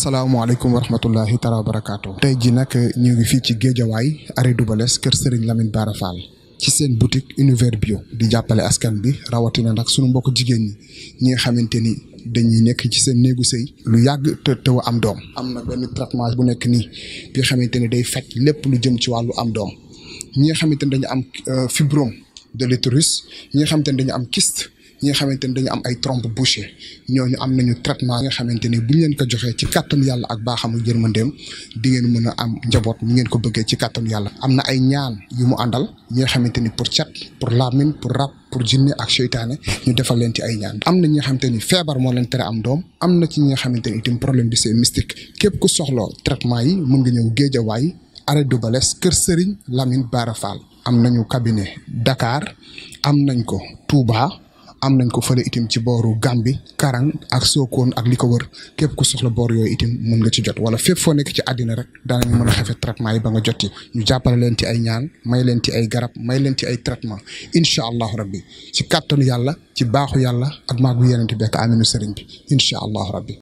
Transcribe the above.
asalaamaaleykum wa rahmatullahi taala wa barakaatu. tey jii nag ñu ngi fii ci Géejawaay arrêt Dubalès kër Serigne Lamine Bara Fall ci seen boutique univers bio di jàppale askan bi rawatina nag sunu mbokk jigéen ñi ñi nga xamante ni dañuy nekk ci seen néegu sëy lu yàgg te te am doom. am na benn traitement bu nekk nii bi nga xamante ni day faj lépp lu jëm ci wàllu am doom ñi nga xamante ni dañu am euh, fibrome de l'utérus ñi nga xamante ni dañu am kyste. ñi nga dañu am ay trompe bouché ñooñu am nañu traitement nga xamanteni buñ leen ko joxé ci kàttanu yalla ak baaxamu jërmandem di ngeen mëna am njabot ñi ngeen ko bëggé ci kàttanu yalla amna ay ñaan yu mu andal ñi nga xamante pour chat pour lamine pour rap pour jinné ak sheytaane ñu défal leen ci ay ñaan amna ñi nga xamante ni feebar leen téré am doom amna ci ñi nga xamante ni problème de ces mystique képp ku soxlo traitement yi mëng ñew ñëw way arrêt de balès kër sëriñ lamine barafal amnañu cabinet dakar amnañ ko touba am nañ ko fële itam ci booru Gàmbi Karang ak Sokone ak li ko wër képp ku soxla boor yooyu itim mën nga ci jot wala fépp foo nekk ci àddina rek daanañu mën a xefe traitement yi ba nga jot yi ñu jàppale leen ti ay ñaan may leen ci ay garab may leen ci ay traitement incha allahu rabbi ci kattanu yàlla ci baaxu yàlla ak maagu yenente bekk aminu sëriñ bi incha allahu rabbi